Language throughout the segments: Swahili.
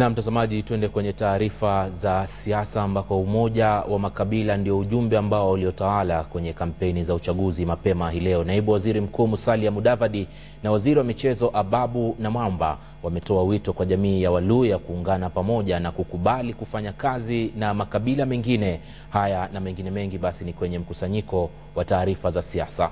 Na mtazamaji, tuende kwenye taarifa za siasa ambako umoja wa makabila ndio ujumbe ambao uliotawala kwenye kampeni za uchaguzi mapema hii leo. Naibu Waziri Mkuu Musalia Mudavadi na Waziri wa Michezo Ababu Namwamba wametoa wito kwa jamii ya Waluya kuungana pamoja na kukubali kufanya kazi na makabila mengine. Haya na mengine mengi basi ni kwenye mkusanyiko wa taarifa za siasa.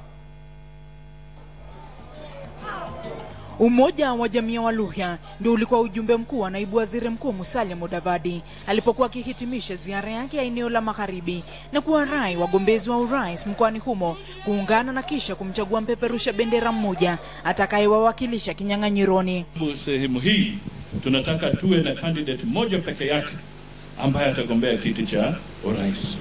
Umoja wa jamii wa Luhya ndio ulikuwa ujumbe mkuu wa naibu waziri mkuu Musalia Mudavadi alipokuwa akihitimisha ziara yake ya eneo la magharibi na kuwarai wagombezi wa urais mkoani humo kuungana na kisha kumchagua mpeperusha bendera mmoja atakayewawakilisha kinyang'anyironi. Sehemu hii tunataka tuwe na candidate mmoja peke yake ambaye atagombea kiti cha urais.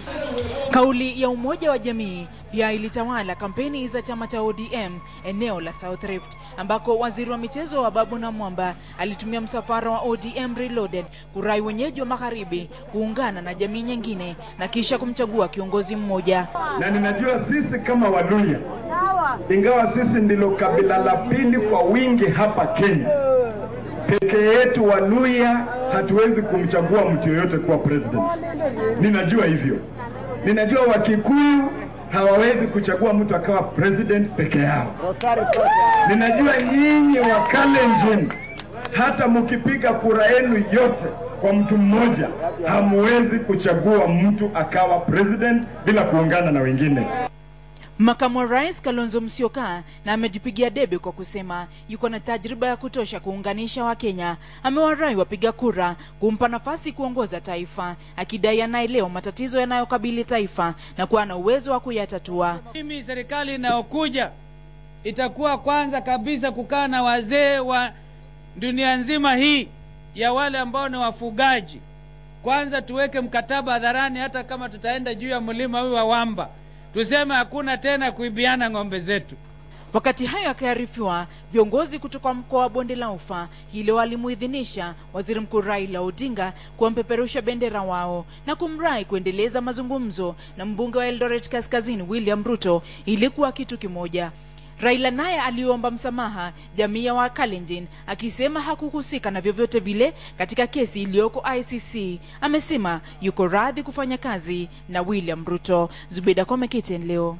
Kauli ya umoja wa jamii pia ilitawala kampeni za chama cha ODM eneo la South Rift, ambako waziri wa michezo wa Babu na Mwamba alitumia msafara wa ODM Reloaded kurai wenyeji wa magharibi kuungana na jamii nyingine na kisha kumchagua kiongozi mmoja. Na ninajua sisi kama Waluya, ingawa sisi ndilo kabila la pili kwa wingi hapa Kenya, pekee yetu Waluya hatuwezi kumchagua mtu yoyote kuwa president. Ninajua hivyo, ninajua Wakikuyu hawawezi kuchagua mtu akawa president peke yao. Oh, ninajua nyinyi wa Kalenjin, hata mkipiga kura yenu yote kwa mtu mmoja, hamuwezi kuchagua mtu akawa president bila kuungana na wengine. Makamu wa Rais Kalonzo Musyoka na amejipigia debe kwa kusema yuko na tajriba ya kutosha kuunganisha Wakenya. Amewarai wapiga kura kumpa nafasi kuongoza taifa, akidai anaelewa matatizo yanayokabili taifa na kuwa na uwezo wa kuyatatua. Mimi serikali inayokuja itakuwa kwanza kabisa kukaa na wazee wa dunia nzima hii ya wale ambao ni wafugaji. Kwanza tuweke mkataba hadharani, hata kama tutaenda juu ya mlima huu wa Wamba tuseme hakuna tena kuibiana ng'ombe zetu. Wakati hayo akiarifiwa, viongozi kutoka mkoa wa Bonde la Ufa hilo walimuidhinisha Waziri Mkuu Raila Odinga kuwampeperusha bendera wao na kumrai kuendeleza mazungumzo na mbunge wa Eldoret Kaskazini William Ruto ili kuwa kitu kimoja. Raila naye aliomba msamaha jamii ya Wakalenjin akisema hakuhusika na vyovyote vile katika kesi iliyoko ICC. Amesema yuko radhi kufanya kazi na William Ruto. Zubeda Kome, KTN leo.